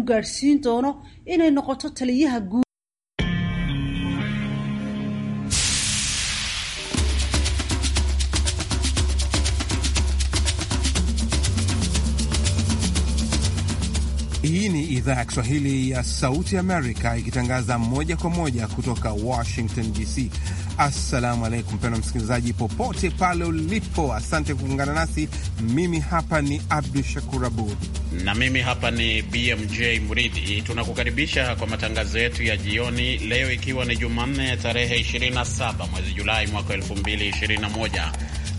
uu gaadhsiin doono inay noqoto taliyaha guud idhaa ya Kiswahili ya Sauti Amerika ikitangaza moja kwa moja kutoka Washington DC. Assalamu alaikum mpendwa msikilizaji, popote pale ulipo, asante kuungana nasi. Mimi hapa ni Abdu Shakur Abud na mimi hapa ni BMJ Mridhi. Tunakukaribisha kwa matangazo yetu ya jioni leo, ikiwa ni Jumanne tarehe 27 mwezi Julai mwaka 2021.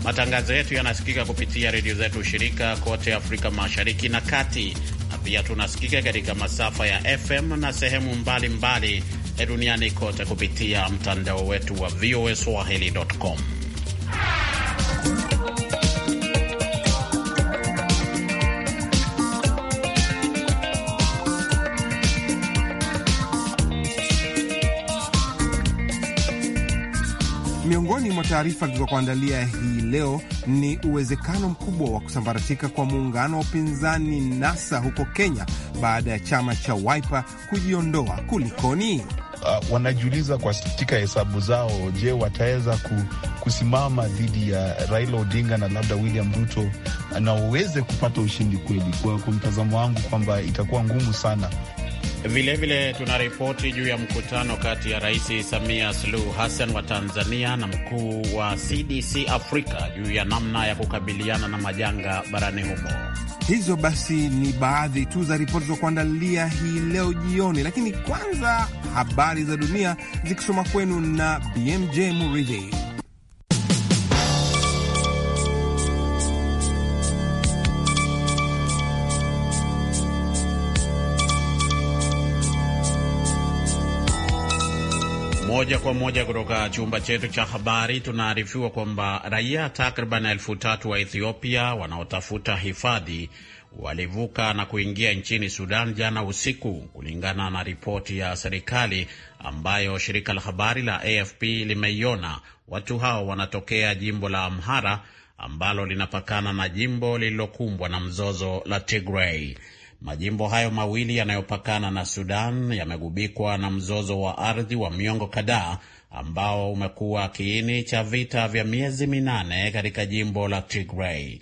Matangazo yetu yanasikika kupitia redio zetu shirika kote Afrika Mashariki na Kati pia tunasikika katika masafa ya FM na sehemu mbalimbali mbali duniani kote kupitia mtandao wetu wa voa swahili.com. Miongoni mwa taarifa tulizokuandalia hii leo ni uwezekano mkubwa wa kusambaratika kwa muungano wa upinzani NASA huko Kenya baada ya chama cha Wiper kujiondoa. Kulikoni? Uh, wanajiuliza katika hesabu zao, je, wataweza ku, kusimama dhidi ya Raila Odinga na labda William Ruto na waweze kupata ushindi kweli? Kwa mtazamo wangu kwamba itakuwa ngumu sana Vilevile tuna ripoti juu ya mkutano kati ya Rais Samia Suluhu Hassan wa Tanzania na mkuu wa CDC Afrika juu ya namna ya kukabiliana na majanga barani humo. Hizo basi ni baadhi tu za ripoti za kuandalia hii leo jioni, lakini kwanza habari za dunia zikisoma kwenu na BMJ Muridhi. Moja kwa moja kutoka chumba chetu cha habari, tunaarifiwa kwamba raia takriban elfu tatu wa Ethiopia wanaotafuta hifadhi walivuka na kuingia nchini Sudan jana usiku, kulingana na ripoti ya serikali ambayo shirika la habari la AFP limeiona. Watu hao wanatokea jimbo la Amhara ambalo linapakana na jimbo lililokumbwa na mzozo la Tigray. Majimbo hayo mawili yanayopakana na Sudan yamegubikwa na mzozo wa ardhi wa miongo kadhaa ambao umekuwa kiini cha vita vya miezi minane katika jimbo la Tigray.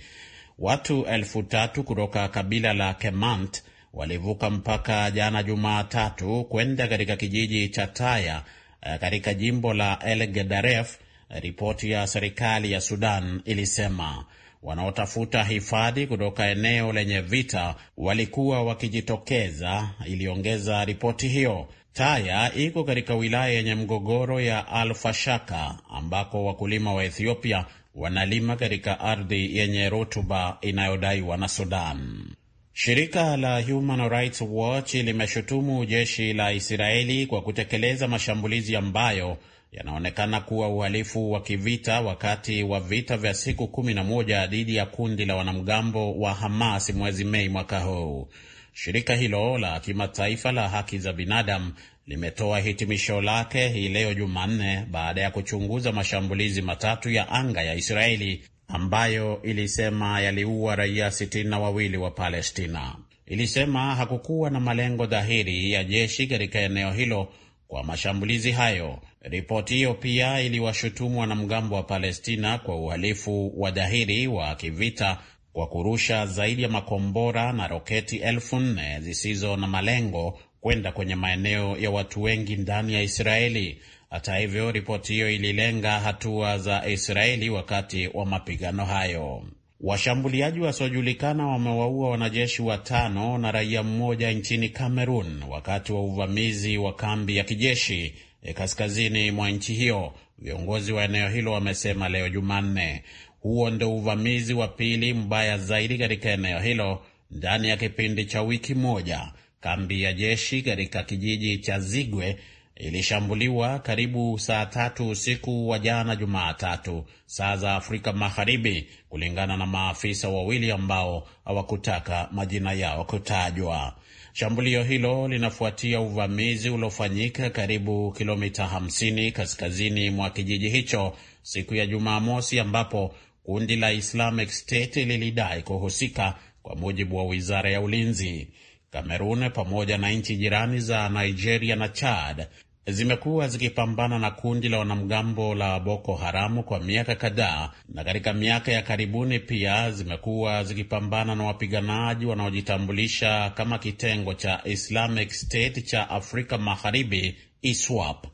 Watu elfu tatu kutoka kabila la Kemant walivuka mpaka jana Jumatatu kwenda katika kijiji cha Taya eh, katika jimbo la El Gedaref, eh, ripoti ya serikali ya Sudan ilisema wanaotafuta hifadhi kutoka eneo lenye vita walikuwa wakijitokeza, iliongeza ripoti hiyo. Taya iko katika wilaya yenye mgogoro ya Al-Fashaka ambako wakulima wa Ethiopia wanalima katika ardhi yenye rutuba inayodaiwa na Sudan. Shirika la Human Rights Watch limeshutumu jeshi la Israeli kwa kutekeleza mashambulizi ambayo yanaonekana kuwa uhalifu wa kivita wakati wa vita vya siku kumi na moja dhidi ya kundi la wanamgambo wa Hamas mwezi Mei mwaka huu. Shirika hilo la kimataifa la haki za binadamu limetoa hitimisho lake hii leo Jumanne baada ya kuchunguza mashambulizi matatu ya anga ya Israeli ambayo ilisema yaliua raia sitini na wawili wa Palestina. Ilisema hakukuwa na malengo dhahiri ya jeshi katika eneo hilo kwa mashambulizi hayo. Ripoti hiyo pia iliwashutumu wanamgambo wa Palestina kwa uhalifu wa dhahiri wa kivita kwa kurusha zaidi ya makombora na roketi elfu nne zisizo na malengo kwenda kwenye maeneo ya watu wengi ndani ya Israeli. Hata hivyo, ripoti hiyo ililenga hatua za Israeli wakati wa mapigano hayo. Washambuliaji wasiojulikana wamewaua wanajeshi watano na raia mmoja nchini Kamerun wakati wa uvamizi wa kambi ya kijeshi eh, kaskazini mwa nchi hiyo, viongozi wa eneo hilo wamesema leo Jumanne. Huo ndio uvamizi wa pili mbaya zaidi katika eneo hilo ndani ya kipindi cha wiki moja. Kambi ya jeshi katika kijiji cha Zigwe ilishambuliwa karibu saa tatu usiku wa jana Jumatatu, saa za Afrika Magharibi, kulingana na maafisa wawili ambao hawakutaka majina yao kutajwa. Shambulio hilo linafuatia uvamizi uliofanyika karibu kilomita 50 kaskazini mwa kijiji hicho siku ya Jumamosi, ambapo kundi la Islamic State lilidai kuhusika, kwa mujibu wa wizara ya ulinzi. Kamerun pamoja na nchi jirani za Nigeria na Chad zimekuwa zikipambana na kundi la wanamgambo la Boko Haramu kwa miaka kadhaa, na katika miaka ya karibuni pia zimekuwa zikipambana na wapiganaji wanaojitambulisha kama kitengo cha Islamic State cha Afrika Magharibi, ISWAP.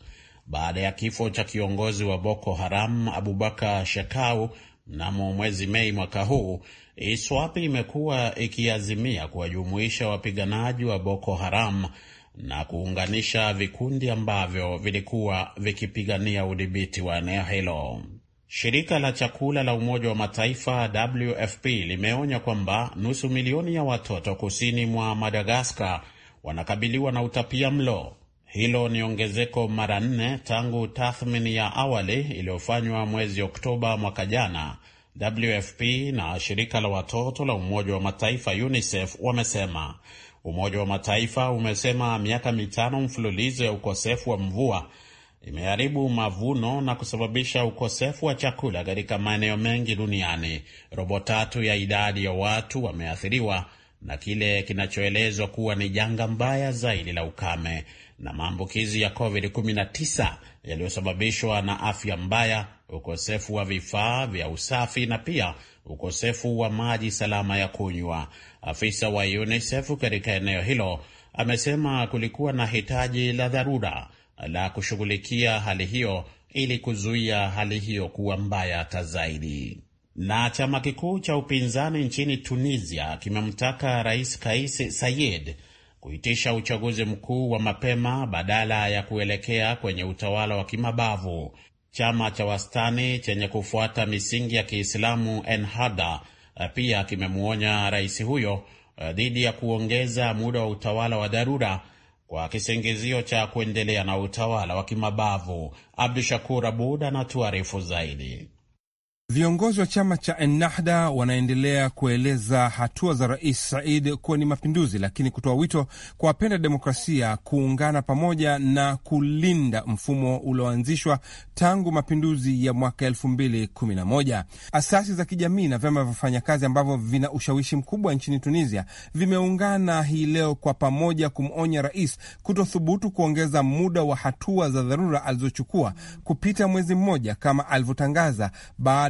Baada ya kifo cha kiongozi wa Boko Haram Abubakar Shekau mnamo mwezi Mei mwaka huu, ISWAP imekuwa ikiazimia kuwajumuisha wapiganaji wa Boko Haram na kuunganisha vikundi ambavyo vilikuwa vikipigania udhibiti wa eneo hilo. Shirika la chakula la Umoja wa Mataifa WFP limeonya kwamba nusu milioni ya watoto kusini mwa Madagaskar wanakabiliwa na utapia mlo. Hilo ni ongezeko mara nne tangu tathmini ya awali iliyofanywa mwezi Oktoba mwaka jana. WFP na shirika la watoto la Umoja wa Mataifa UNICEF wamesema Umoja wa Mataifa umesema miaka mitano mfululizo ya ukosefu wa mvua imeharibu mavuno na kusababisha ukosefu wa chakula katika maeneo mengi duniani. Robo tatu ya idadi ya watu wameathiriwa na kile kinachoelezwa kuwa ni janga mbaya zaidi la ukame na maambukizi ya COVID-19 yaliyosababishwa na afya mbaya, ukosefu wa vifaa vya usafi na pia ukosefu wa maji salama ya kunywa. Afisa wa UNICEF katika eneo hilo amesema kulikuwa na hitaji la dharura la kushughulikia hali hiyo ili kuzuia hali hiyo kuwa mbaya hata zaidi. Na chama kikuu cha upinzani nchini Tunisia kimemtaka Rais Kais Saied kuitisha uchaguzi mkuu wa mapema badala ya kuelekea kwenye utawala wa kimabavu. Chama cha wastani chenye kufuata misingi ya Kiislamu Ennahda eh, pia kimemwonya rais huyo eh, dhidi ya kuongeza muda wa utawala wa dharura kwa kisingizio cha kuendelea na utawala wa kimabavu. Abdu Shakur Abud anatuarifu zaidi. Viongozi wa chama cha Ennahda wanaendelea kueleza hatua za Rais Said kuwa ni mapinduzi, lakini kutoa wito kwa wapenda demokrasia kuungana pamoja na kulinda mfumo ulioanzishwa tangu mapinduzi ya mwaka elfu mbili kumi na moja. Asasi za kijamii na vyama vya wafanyakazi ambavyo vina ushawishi mkubwa nchini Tunisia vimeungana hii leo kwa pamoja kumwonya rais kutothubutu kuongeza muda wa hatua za dharura alizochukua kupita mwezi mmoja kama alivyotangaza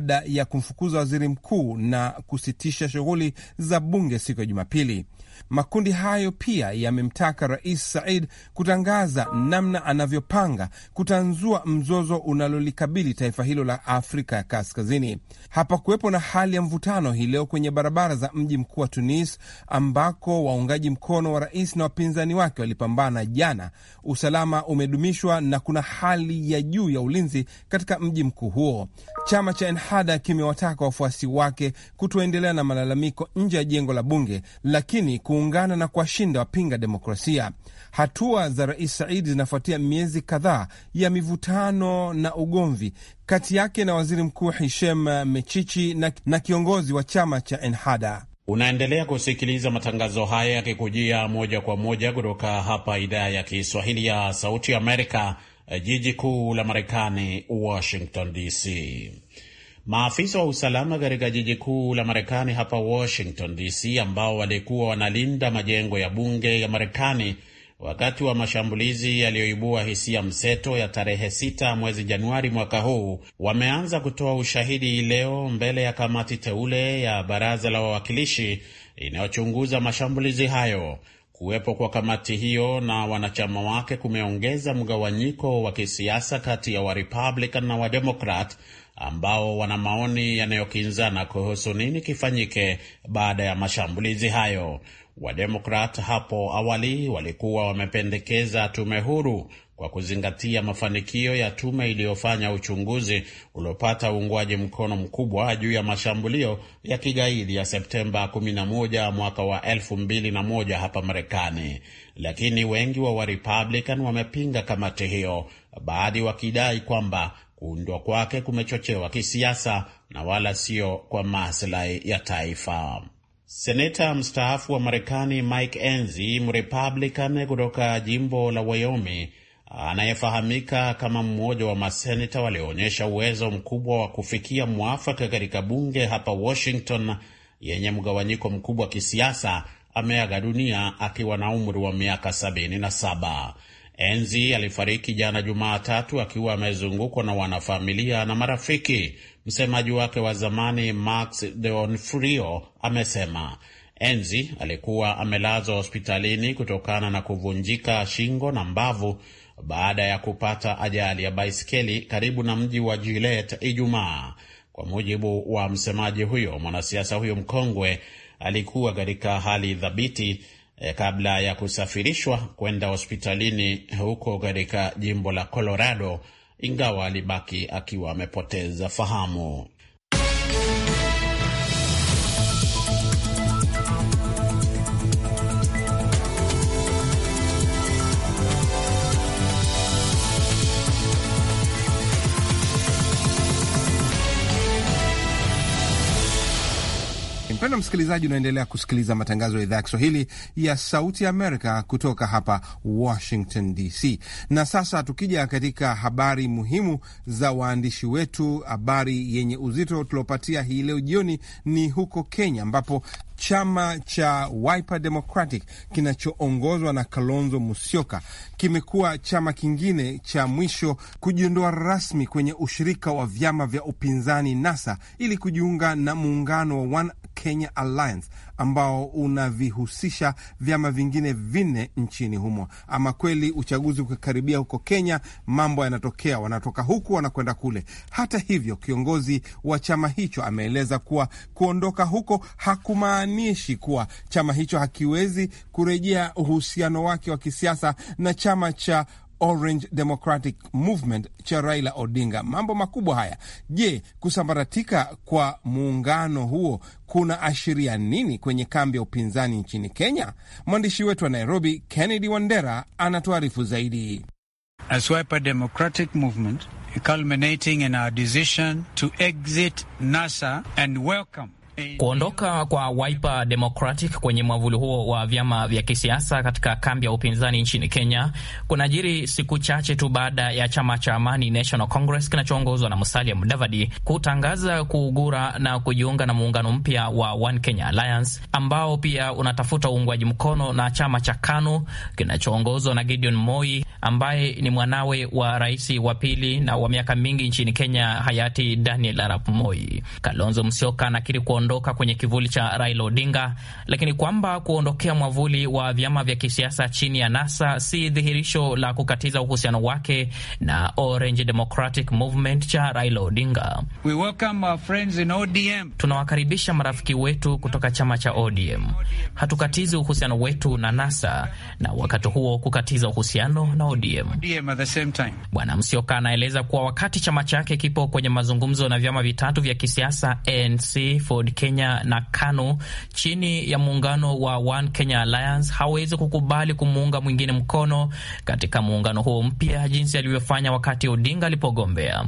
baada ya kumfukuza waziri mkuu na kusitisha shughuli za bunge siku ya Jumapili. Makundi hayo pia yamemtaka Rais Said kutangaza namna anavyopanga kutanzua mzozo unalolikabili taifa hilo la Afrika ya Kaskazini. Hapakuwepo na hali ya mvutano hii leo kwenye barabara za mji mkuu wa Tunis, ambako waungaji mkono wa rais na wapinzani wake walipambana jana. Usalama umedumishwa na kuna hali ya juu ya ulinzi katika mji mkuu huo. Chama cha Ennahda kimewataka wafuasi wake kutoendelea na malalamiko nje ya jengo la bunge, lakini kuungana na kuwashinda wapinga demokrasia. Hatua za Rais Saidi zinafuatia miezi kadhaa ya mivutano na ugomvi kati yake na waziri mkuu Hishem Mechichi na, na kiongozi wa chama cha Enhada. Unaendelea kusikiliza matangazo haya yakikujia moja kwa moja kutoka hapa idhaa ya Kiswahili ya Sauti Amerika, jiji kuu la Marekani, Washington DC. Maafisa wa usalama katika jiji kuu la Marekani hapa Washington DC, ambao walikuwa wanalinda majengo ya bunge ya Marekani wakati wa mashambulizi yaliyoibua hisia mseto ya tarehe 6 mwezi Januari mwaka huu, wameanza kutoa ushahidi leo mbele ya kamati teule ya baraza la wawakilishi inayochunguza mashambulizi hayo. Kuwepo kwa kamati hiyo na wanachama wake kumeongeza mgawanyiko wa kisiasa kati ya Warepublican na Wademokrat ambao wana maoni yanayokinzana kuhusu nini kifanyike baada ya mashambulizi hayo. Wademokrat hapo awali walikuwa wamependekeza tume huru kwa kuzingatia mafanikio ya tume iliyofanya uchunguzi uliopata uungwaji mkono mkubwa juu ya mashambulio ya kigaidi ya Septemba 11 mwaka wa 2001 hapa Marekani, lakini wengi wa Warepublican wamepinga kamati hiyo, baadhi wakidai kwamba kuundwa kwake kumechochewa kisiasa na wala sio kwa maslahi ya taifa. Seneta mstaafu wa Marekani Mike Enzi, mrepublican kutoka jimbo la Wyoming, anayefahamika kama mmoja wa maseneta walioonyesha uwezo mkubwa wa kufikia mwafaka katika bunge hapa Washington yenye mgawanyiko mkubwa wa kisiasa, ameaga dunia akiwa na umri wa miaka 77. Enzi alifariki jana Jumatatu akiwa amezungukwa na wanafamilia na marafiki. Msemaji wake wa zamani Max Deonfrio amesema Enzi alikuwa amelazwa hospitalini kutokana na kuvunjika shingo na mbavu baada ya kupata ajali ya baiskeli karibu na mji wa Gilet Ijumaa. Kwa mujibu wa msemaji huyo, mwanasiasa huyo mkongwe alikuwa katika hali dhabiti e, kabla ya kusafirishwa kwenda hospitalini huko katika jimbo la Colorado, ingawa alibaki akiwa amepoteza fahamu. Mpendwa msikilizaji, unaendelea kusikiliza matangazo ya idhaa ya Kiswahili ya Sauti ya Amerika kutoka hapa Washington DC. Na sasa tukija katika habari muhimu za waandishi wetu, habari yenye uzito tuliopatia hii leo jioni ni huko Kenya ambapo chama cha Wiper Democratic kinachoongozwa na Kalonzo Musyoka kimekuwa chama kingine cha mwisho kujiondoa rasmi kwenye ushirika wa vyama vya upinzani NASA ili kujiunga na muungano wa One Kenya Alliance ambao unavihusisha vyama vingine vinne nchini humo. Ama kweli uchaguzi ukikaribia huko Kenya, mambo yanatokea, wanatoka huku wanakwenda kule. Hata hivyo, kiongozi wa chama hicho ameeleza kuwa kuondoka huko hakumaanishi kuwa chama hicho hakiwezi kurejea uhusiano wake wa kisiasa na chama cha Orange Democratic Movement cha Raila Odinga. Mambo makubwa haya. Je, kusambaratika kwa muungano huo kuna ashiria nini kwenye kambi ya upinzani nchini Kenya? Mwandishi wetu wa Nairobi, Kennedy Wandera, anatuarifu zaidi. Democratic Movement culminating in our decision to exit NASA and welcome Kuondoka kwa Wiper Democratic kwenye mwavuli huo wa vyama vya kisiasa katika kambi ya upinzani nchini Kenya kunajiri siku chache tu baada ya chama cha Amani National Congress kinachoongozwa na Musalia Mudavadi kutangaza kuugura na kujiunga na muungano mpya wa One Kenya Alliance ambao pia unatafuta uungwaji mkono na chama cha KANU kinachoongozwa na Gideon Moi ambaye ni mwanawe wa rais wa pili na wa miaka mingi nchini Kenya hayati Daniel Arap Moi. Kalonzo Musyoka anakiri kuondoka kuondoka kwenye kivuli cha Raila Odinga, lakini kwamba kuondokea mwavuli wa vyama vya kisiasa chini ya NASA si dhihirisho la kukatiza uhusiano wake na Orange Democratic Movement cha Raila Odinga. We welcome our friends in ODM. Tunawakaribisha marafiki wetu kutoka chama cha ODM. Hatukatizi uhusiano wetu na NASA na wakati huo kukatiza uhusiano na ODM. ODM at the same time. Bwana Msioka anaeleza kuwa wakati chama chake kipo kwenye mazungumzo na vyama vitatu vya kisiasa ANC, Ford Kenya na KANU chini ya muungano wa One Kenya Alliance hawezi kukubali kumuunga mwingine mkono katika muungano huo mpya, jinsi alivyofanya wakati Odinga alipogombea.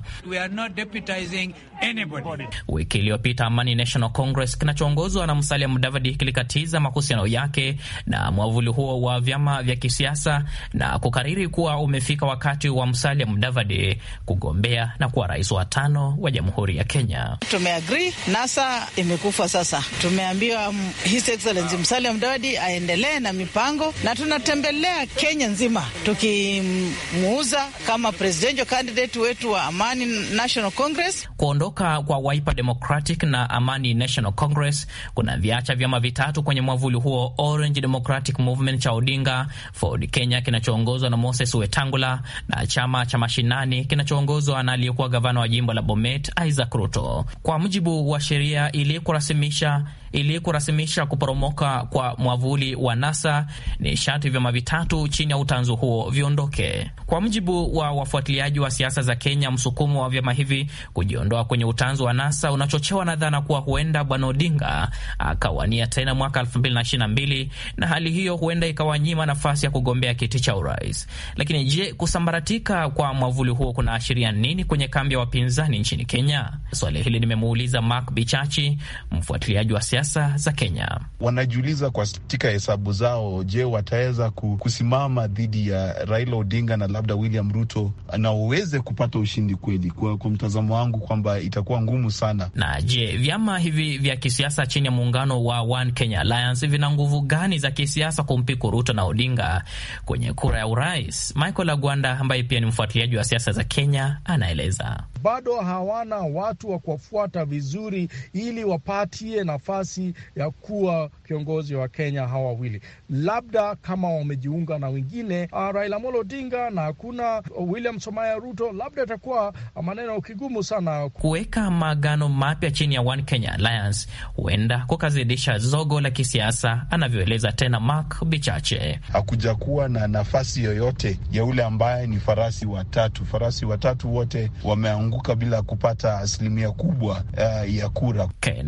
Wiki iliyopita Amani National Congress kinachoongozwa na Musalia Mudavadi kilikatiza mahusiano yake na mwavuli huo wa vyama vya kisiasa na kukariri kuwa umefika wakati wa Musalia Mudavadi kugombea na kuwa rais wa tano wa Jamhuri ya Kenya. Tumeagri, NASA ime amekufa sasa. Tumeambiwa His Excellency Musalia Mudavadi aendelee na mipango, na tunatembelea Kenya nzima tukimuuza kama presidential candidate wetu wa Amani National Congress. Kuondoka kwa Wiper Democratic na Amani National Congress kuna viacha vyama vitatu kwenye mwavuli huo, Orange Democratic Movement cha Odinga, Ford Kenya kinachoongozwa na Moses Wetangula na chama cha Mashinani kinachoongozwa na aliyekuwa gavana wa jimbo la Bomet Isaac Ruto. Kwa mujibu wa sheria iliyo kurasimisha ili kurasimisha kuporomoka kwa mwavuli wa NASA ni sharti vyama vitatu chini ya utanzu huo viondoke. Kwa mujibu wa wafuatiliaji wa siasa za Kenya, msukumo wa vyama hivi kujiondoa kwenye utanzu wa NASA unachochewa na dhana kuwa huenda Bwana Odinga akawania tena mwaka 2022 na hali hiyo huenda ikawanyima nafasi ya kugombea kiti cha urais. Lakini je, kusambaratika kwa mwavuli huo kunaashiria nini kwenye kambi ya wapinzani nchini Kenya? Swali hili nimemuuliza Mark Bichachi mfuatiliaji wa siasa za Kenya. Wanajiuliza katika hesabu zao, je, wataweza kusimama dhidi ya Raila Odinga na labda William Ruto na waweze kupata ushindi kweli? Kwa, kwa mtazamo wangu kwamba itakuwa ngumu sana. Na je, vyama hivi vya kisiasa chini ya muungano wa One Kenya Alliance vina nguvu gani za kisiasa kumpiku Ruto na Odinga kwenye kura ya urais? Michael Agwanda ambaye pia ni mfuatiliaji wa siasa za Kenya anaeleza. Bado hawana watu wa kuwafuata vizuri ili wap wapatie nafasi ya kuwa kiongozi wa Kenya hawa wawili, labda kama wamejiunga na wengine ah, Raila Amolo Odinga na hakuna William Somaya Ruto, labda itakuwa maneno kigumu sana kuweka maagano mapya chini ya One Kenya Alliance, huenda kukazidisha zogo la kisiasa, anavyoeleza tena Mark Bichache. Hakuja kuwa na nafasi yoyote ya ule ambaye ni farasi watatu. Farasi watatu wote wameanguka bila kupata asilimia kubwa uh, ya kura. Ken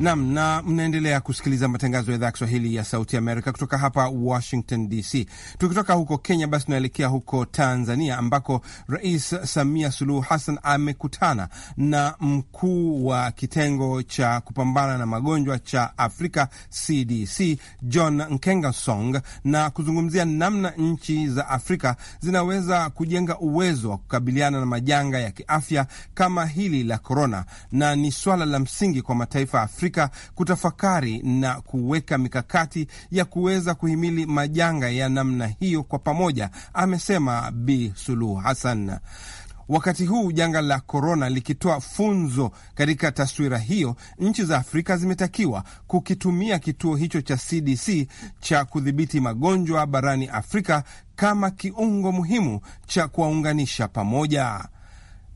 Nam na mnaendelea kusikiliza matangazo ya idhaa ya Kiswahili ya Sauti Amerika kutoka hapa Washington DC. Tukitoka huko Kenya, basi tunaelekea huko Tanzania ambako Rais Samia Suluhu Hassan amekutana na mkuu wa kitengo cha kupambana na magonjwa cha Afrika CDC John Nkengasong na kuzungumzia namna nchi za Afrika zinaweza kujenga uwezo wa kukabiliana na majanga ya kiafya kama hili la korona, na ni swala la msingi kwa mataifa ya Afrika Afrika kutafakari na kuweka mikakati ya kuweza kuhimili majanga ya namna hiyo kwa pamoja, amesema Bi Suluhu Hassan. Wakati huu janga la korona likitoa funzo katika taswira hiyo, nchi za Afrika zimetakiwa kukitumia kituo hicho cha CDC cha kudhibiti magonjwa barani Afrika kama kiungo muhimu cha kuwaunganisha pamoja.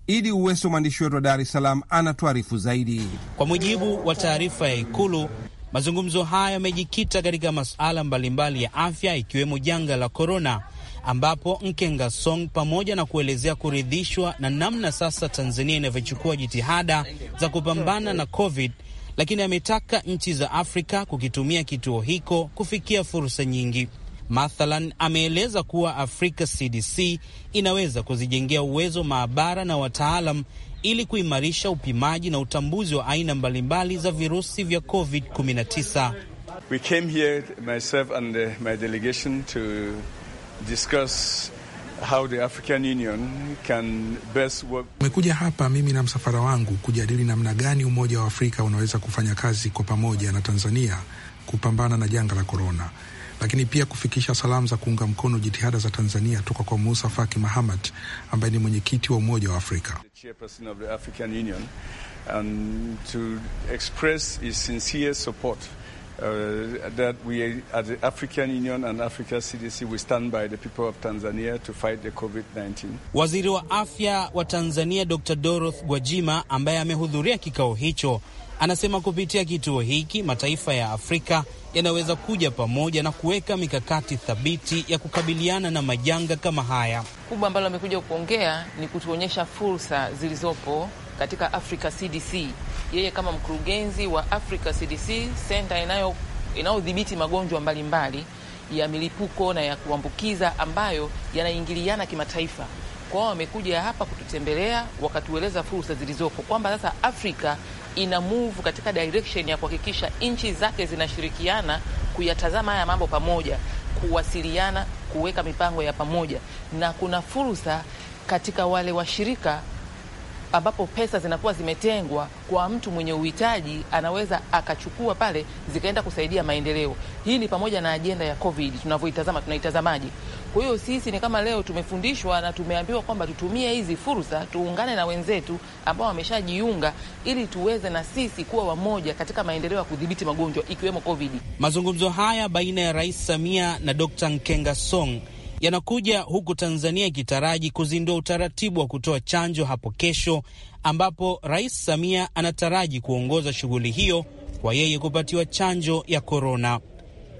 Idi Uweso, mwandishi wetu wa Dar es Salaam, anatuarifu zaidi. Kwa mujibu wa taarifa ya Ikulu, mazungumzo haya yamejikita katika masuala mbalimbali ya afya, ikiwemo janga la korona, ambapo Nkenga Song pamoja na kuelezea kuridhishwa na namna sasa Tanzania inavyochukua jitihada za kupambana na COVID, lakini ametaka nchi za Afrika kukitumia kituo hiko kufikia fursa nyingi. Mathalan, ameeleza kuwa afrika CDC inaweza kuzijengea uwezo maabara na wataalam ili kuimarisha upimaji na utambuzi wa aina mbalimbali za virusi vya COVID-19. We came here myself and uh, my delegation to discuss how the African Union can best work. hapa mimi na msafara wangu kujadili namna gani Umoja wa Afrika unaweza kufanya kazi kwa pamoja na Tanzania kupambana na janga la korona lakini pia kufikisha salamu za kuunga mkono jitihada za Tanzania toka kwa Musa Faki Mahamad ambaye ni mwenyekiti wa Umoja wa Afrika. Uh, Waziri wa afya wa Tanzania Dr Dorothy Gwajima ambaye amehudhuria kikao hicho Anasema kupitia kituo hiki mataifa ya Afrika yanaweza kuja pamoja na kuweka mikakati thabiti ya kukabiliana na majanga kama haya. Kubwa ambalo amekuja kuongea ni kutuonyesha fursa zilizopo katika Africa CDC. Yeye kama mkurugenzi wa Africa CDC, senta inayodhibiti magonjwa mbalimbali mbali ya milipuko na ya kuambukiza ambayo yanaingiliana kimataifa kwao wamekuja hapa kututembelea wakatueleza fursa zilizopo, kwamba sasa Afrika ina move katika direction ya kuhakikisha nchi zake zinashirikiana kuyatazama haya mambo pamoja, kuwasiliana, kuweka mipango ya pamoja, na kuna fursa katika wale washirika ambapo pesa zinakuwa zimetengwa kwa mtu mwenye uhitaji, anaweza akachukua pale zikaenda kusaidia maendeleo. Hii ni pamoja na ajenda ya COVID tunavyoitazama, tunaitazamaje? Kwa hiyo sisi ni kama leo tumefundishwa na tumeambiwa kwamba tutumie hizi fursa, tuungane na wenzetu ambao wameshajiunga ili tuweze na sisi kuwa wamoja katika maendeleo ya kudhibiti magonjwa ikiwemo COVID. Mazungumzo haya baina ya Rais Samia na Dr. Nkenga Song yanakuja huku Tanzania ikitaraji kuzindua utaratibu wa kutoa chanjo hapo kesho, ambapo Rais Samia anataraji kuongoza shughuli hiyo kwa yeye kupatiwa chanjo ya korona.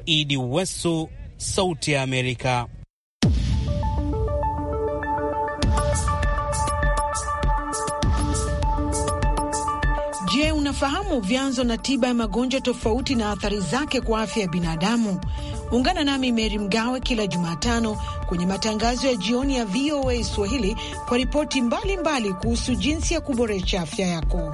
Idi Wesu, Sauti ya Amerika. Je, unafahamu vyanzo na tiba ya magonjwa tofauti na athari zake kwa afya ya binadamu? Ungana nami Meri Mgawe kila Jumatano kwenye matangazo ya jioni ya VOA Swahili kwa ripoti mbalimbali kuhusu jinsi ya kuboresha afya yako.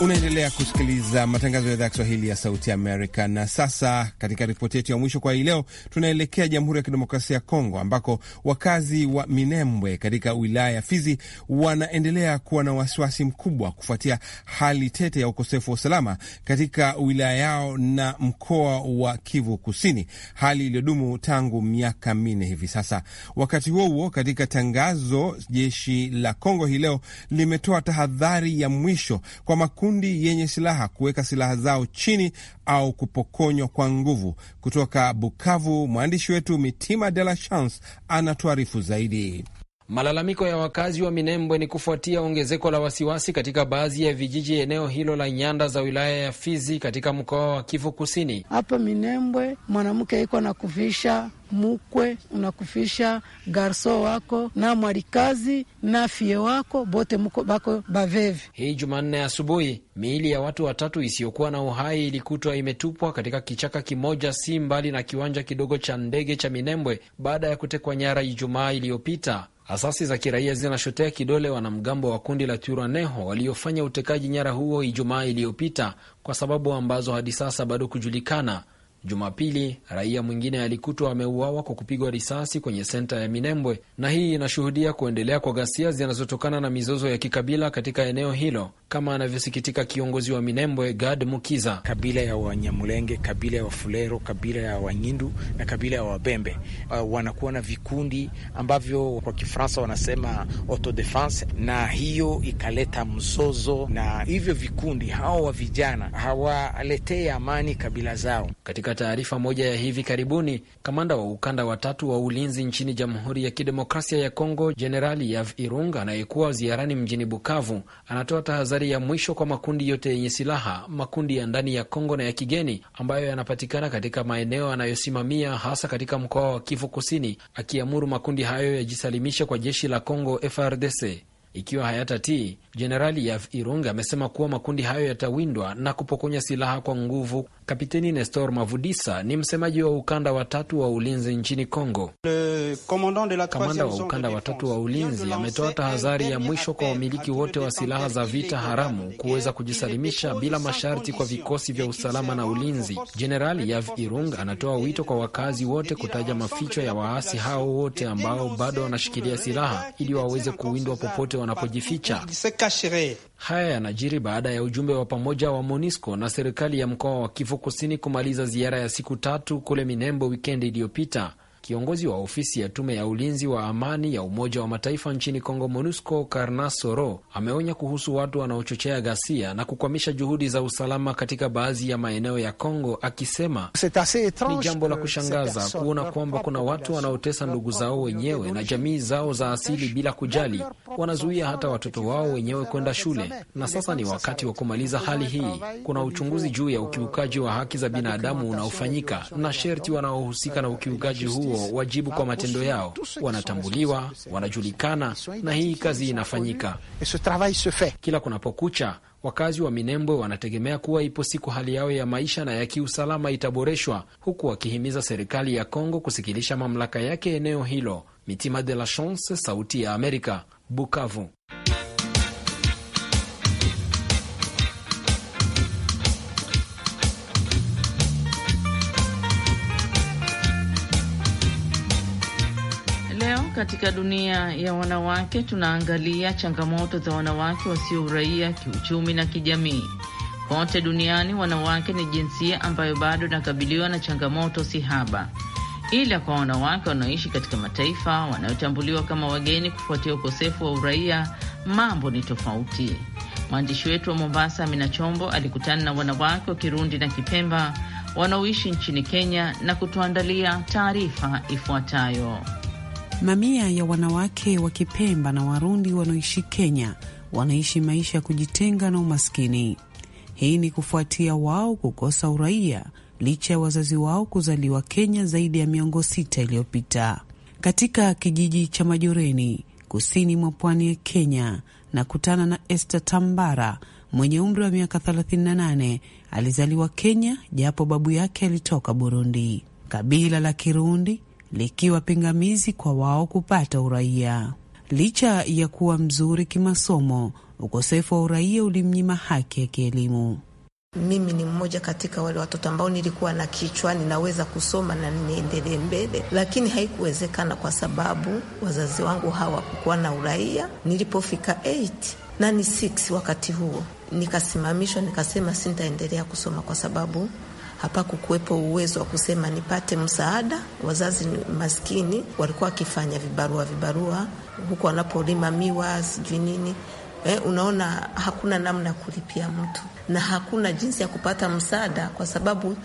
Unaendelea kusikiliza matangazo ya idhaa ya Kiswahili ya Sauti Amerika. Na sasa katika ripoti yetu ya mwisho kwa hii leo, tunaelekea Jamhuri ya Kidemokrasia ya Kongo, ambako wakazi wa Minembwe katika wilaya ya Fizi wanaendelea kuwa na wasiwasi mkubwa kufuatia hali tete ya ukosefu wa usalama katika wilaya yao na mkoa wa Kivu Kusini, hali iliyodumu tangu miaka minne hivi sasa. Wakati huo huo, katika tangazo, jeshi la Kongo hii leo limetoa tahadhari ya mwisho kwa maku makundi yenye silaha kuweka silaha zao chini au kupokonywa kwa nguvu. Kutoka Bukavu, mwandishi wetu Mitima De La Chance anatuarifu zaidi. Malalamiko ya wakazi wa Minembwe ni kufuatia ongezeko la wasiwasi katika baadhi ya vijiji eneo hilo la nyanda za wilaya ya Fizi katika mkoa wa Kivu Kusini. Hapa Minembwe mwanamke iko kufisha mukwe, unakufisha garso wako na mwalikazi na fie wako bote mko bako bavevi. Hii Jumanne asubuhi miili ya watu watatu isiyokuwa na uhai ilikutwa imetupwa katika kichaka kimoja si mbali na kiwanja kidogo cha ndege cha Minembwe baada ya kutekwa nyara Ijumaa iliyopita. Asasi za kiraia zinashotea kidole wanamgambo wa kundi la Twirwaneho waliofanya utekaji nyara huo Ijumaa iliyopita kwa sababu ambazo hadi sasa bado kujulikana. Jumapili raia mwingine alikutwa ameuawa kwa kupigwa risasi kwenye senta ya Minembwe, na hii inashuhudia kuendelea kwa ghasia zinazotokana na mizozo ya kikabila katika eneo hilo, kama anavyosikitika kiongozi wa Minembwe Gad Mukiza. Kabila ya Wanyamulenge, kabila ya Wafulero, kabila ya Wanyindu na kabila ya Wabembe uh, wanakuwa na vikundi ambavyo kwa Kifaransa wanasema autodefense, na hiyo ikaleta mzozo, na hivyo vikundi hao wa vijana hawaletee amani kabila zao katika taarifa moja ya hivi karibuni, kamanda wa ukanda wa tatu wa ulinzi nchini Jamhuri ya Kidemokrasia ya Kongo, Jenerali Yav Irung anayekuwa ziarani mjini Bukavu, anatoa tahadhari ya mwisho kwa makundi yote yenye silaha, makundi ya ndani ya Kongo na ya kigeni ambayo yanapatikana katika maeneo anayosimamia hasa katika mkoa wa Kivu Kusini, akiamuru makundi hayo yajisalimishe kwa jeshi la Kongo frdc ikiwa hayatatii. Jenerali Yav Irunga amesema kuwa makundi hayo yatawindwa na kupokonya silaha kwa nguvu. Kapiteni Nestor Mavudisa ni msemaji wa ukanda wa tatu wa ulinzi nchini Kongo. Kamanda wa ukanda wa tatu wa ulinzi ametoa tahadhari ya mwisho kwa wamiliki wote wa silaha za vita haramu kuweza kujisalimisha bila masharti kwa vikosi vya usalama na ulinzi. Jenerali Yav Irunga anatoa wito kwa wakazi wote kutaja maficho ya waasi hao wote ambao bado wanashikilia silaha ili waweze kuwindwa popote wa wanapojificha. Haya yanajiri baada ya ujumbe wa pamoja wa MONUSCO na serikali ya mkoa wa Kivu Kusini kumaliza ziara ya siku tatu kule Minembo wikendi iliyopita. Kiongozi wa ofisi ya tume ya ulinzi wa amani ya Umoja wa Mataifa nchini Kongo, MONUSCO, Karna Soro, ameonya kuhusu watu wanaochochea ghasia na kukwamisha juhudi za usalama katika baadhi ya maeneo ya Kongo, akisema ni jambo la kushangaza kuona kwamba kuna watu wanaotesa ndugu zao wenyewe na jamii zao za asili bila kujali. Wanazuia hata watoto wao wenyewe kwenda shule, na sasa ni wakati wa kumaliza hali hii. Kuna uchunguzi juu ya ukiukaji wa haki za binadamu unaofanyika na sherti wanaohusika na ukiukaji huo wajibu kwa matendo yao, wanatambuliwa, wanajulikana, na hii kazi inafanyika kila kunapokucha. Wakazi wa Minembwe wanategemea kuwa ipo siku hali yao ya maisha na ya kiusalama itaboreshwa, huku wakihimiza serikali ya Kongo kusikilisha mamlaka yake eneo hilo. Mitima de la Chance, Sauti ya Amerika, Bukavu. katika dunia ya wanawake tunaangalia changamoto za wanawake wasio uraia kiuchumi na kijamii. Kote duniani wanawake ni jinsia ambayo bado inakabiliwa na changamoto si haba, ila kwa wanawake wanaoishi katika mataifa wanayotambuliwa kama wageni kufuatia ukosefu wa uraia, mambo ni tofauti. Mwandishi wetu wa Mombasa, Amina Chombo, alikutana na wanawake wa Kirundi na Kipemba wanaoishi nchini Kenya na kutuandalia taarifa ifuatayo. Mamia ya wanawake wa Kipemba na Warundi wanaoishi Kenya wanaishi maisha ya kujitenga na umaskini. Hii ni kufuatia wao kukosa uraia licha ya wazazi wao kuzaliwa Kenya zaidi ya miongo sita iliyopita. Katika kijiji cha Majoreni, kusini mwa pwani ya Kenya, na kutana na Esther Tambara mwenye umri wa miaka 38. Alizaliwa Kenya japo babu yake alitoka Burundi. Kabila la Kirundi likiwa pingamizi kwa wao kupata uraia. Licha ya kuwa mzuri kimasomo, ukosefu wa uraia ulimnyima haki ya kielimu. Mimi ni mmoja katika wale watoto ambao nilikuwa na kichwa, ninaweza kusoma na niendelee mbele, lakini haikuwezekana kwa sababu wazazi wangu hawakukuwa na uraia. Nilipofika 8 na ni 6 wakati huo, nikasimamishwa, nikasema sintaendelea kusoma kwa sababu hapakukuwepo uwezo wa kusema nipate msaada. Wazazi maskini walikuwa wakifanya vibarua vibarua huku wanapolima miwa sijui nini. Eh, unaona hakuna namna ya kulipia mtu na hakuna jinsi ya kupata msaada, kwa sababu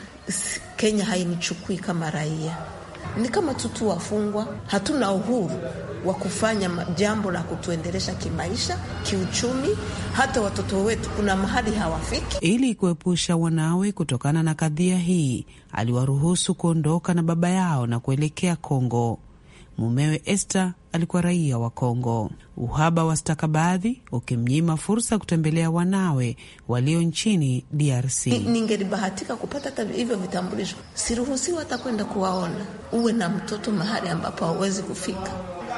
Kenya hainichukui kama raia ni kama tu tu wafungwa, hatuna uhuru wa kufanya jambo la kutuendelesha kimaisha, kiuchumi. Hata watoto wetu kuna mahali hawafiki. Ili kuepusha wanawe kutokana na kadhia hii, aliwaruhusu kuondoka na baba yao na kuelekea Kongo. Mumewe Esther alikuwa raia wa Kongo. Uhaba wa stakabadhi ukimnyima fursa kutembelea wanawe walio nchini DRC. Ningelibahatika kupata hata hivyo vitambulisho, siruhusiwa hata kwenda kuwaona. Uwe na mtoto mahali ambapo hauwezi kufika,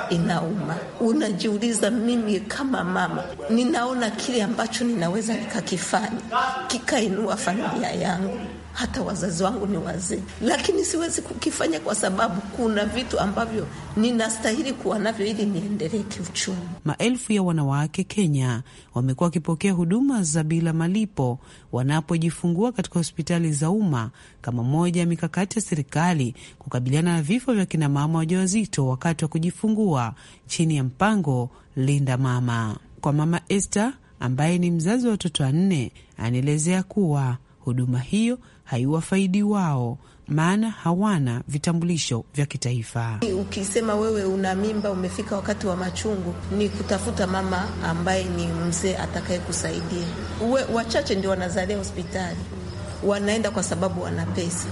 inauma. Unajiuliza, mimi kama mama ninaona kile ambacho ninaweza nikakifanya kikainua familia yangu hata wazazi wangu ni wazee, lakini siwezi kukifanya kwa sababu kuna vitu ambavyo ninastahili kuwa navyo ili niendelee kiuchumi. Maelfu ya wanawake Kenya wamekuwa wakipokea huduma za bila malipo wanapojifungua katika hospitali za umma kama moja ya mikakati ya serikali kukabiliana na vifo vya kinamama wajawazito wakati wa kujifungua chini ya mpango Linda Mama. Kwa Mama Esther ambaye ni mzazi wa watoto wanne, anaelezea kuwa huduma hiyo haiwafaidi wao, maana hawana vitambulisho vya kitaifa. Ukisema wewe una mimba, umefika wakati wa machungu, ni kutafuta mama ambaye ni mzee atakayekusaidia. Wachache ndio wanazalia hospitali, wanaenda kwa sababu wana pesa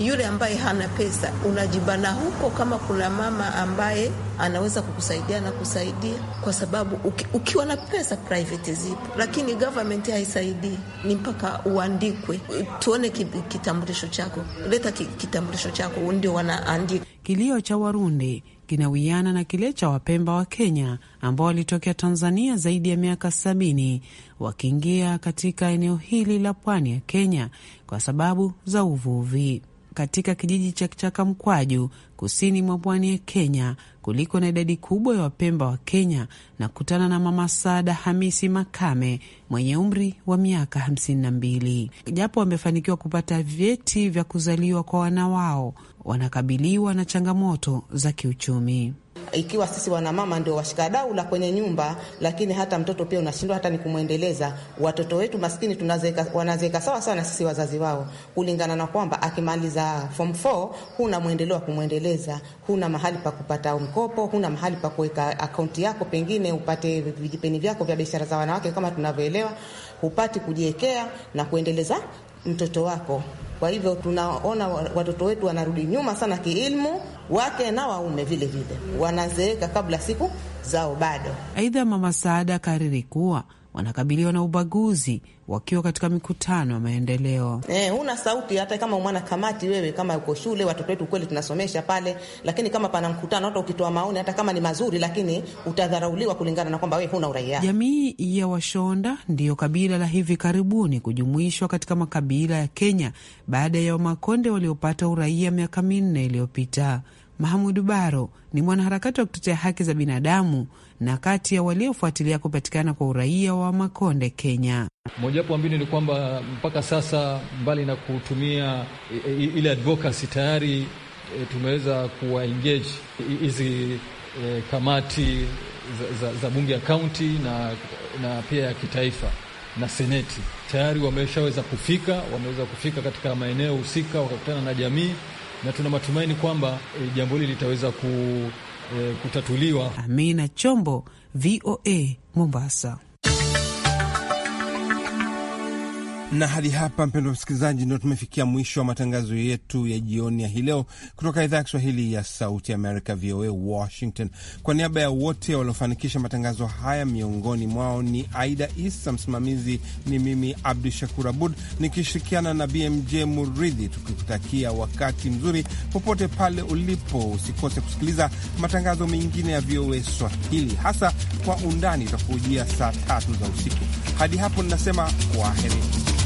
yule ambaye hana pesa unajibana huko, kama kuna mama ambaye anaweza kukusaidia na kusaidia, kwa sababu uki, ukiwa na pesa private zipo, lakini government haisaidii. Ni mpaka uandikwe, tuone kitambulisho chako, leta kitambulisho chako, ndio wanaandika. Kilio cha Warundi kinawiana na kile cha Wapemba wa Kenya ambao walitokea Tanzania zaidi ya miaka sabini wakiingia katika eneo hili la pwani ya Kenya kwa sababu za uvuvi katika kijiji cha mkwaju kusini mwa pwani ya Kenya kuliko na idadi kubwa ya Wapemba wa Kenya na kutana na Mama Sada Hamisi Makame mwenye umri wa miaka hamsini na mbili. Japo wamefanikiwa kupata vyeti vya kuzaliwa kwa wana wao, wanakabiliwa na changamoto za kiuchumi. Ikiwa sisi wanamama ndio washikadau la kwenye nyumba, lakini hata mtoto pia unashindwa hata ni kumwendeleza. Watoto wetu maskini wanazeeka sawa sawa na sisi wazazi wao, kulingana na kwamba akimaliza form 4 huna mwendeleo wa kumwendeleza, huna mahali pa kupata mkopo, huna mahali pa kuweka akaunti yako, pengine upate vijipeni vyako vya biashara za wanawake kama tunavyoelewa, hupati kujiwekea na kuendeleza mtoto wako. Kwa hivyo tunaona watoto wetu wanarudi nyuma sana kiilmu, wake na waume vile vile wanazeeka kabla siku zao bado. Aidha, Mama Saada kariri kuwa wanakabiliwa na ubaguzi wakiwa katika mikutano ya maendeleo. Eh, huna sauti hata kama mwana kamati wewe, kama uko shule, watoto wetu kweli tunasomesha pale, lakini kama pana mkutano, hata ukitoa maoni hata kama ni mazuri, lakini utadharauliwa kulingana na kwamba wewe huna uraia. Jamii ya Washonda ndiyo kabila la hivi karibuni kujumuishwa katika makabila ya Kenya baada ya Wamakonde waliopata uraia miaka minne iliyopita. Mahamudu Baro ni mwanaharakati wa kutetea haki za binadamu na kati ya waliofuatilia kupatikana kwa uraia wa Makonde, Kenya. Mojawapo wa mbinu ni kwamba mpaka sasa, mbali na kutumia ile advocacy, tayari e, tumeweza kuwaengage hizi e, kamati za, za, za bunge ya kaunti na, na pia ya kitaifa na seneti. Tayari wameshaweza kufika, wameweza kufika katika maeneo husika, wakakutana na jamii na tuna matumaini kwamba e, jambo hili litaweza ku, e, kutatuliwa. Amina Chombo, VOA Mombasa. na hadi hapa, mpendwa msikilizaji, ndio tumefikia mwisho wa matangazo yetu ya jioni ya hii leo kutoka idhaa ya Kiswahili ya Sauti Amerika, VOA Washington. Kwa niaba ya wote waliofanikisha matangazo haya, miongoni mwao ni Aida Isa, msimamizi ni mimi Abdu Shakur Abud nikishirikiana na BMJ Muridhi, tukikutakia wakati mzuri popote pale ulipo. Usikose kusikiliza matangazo mengine ya VOA Swahili, hasa kwa undani utakujia saa tatu za usiku. Hadi hapo ninasema kwaheri.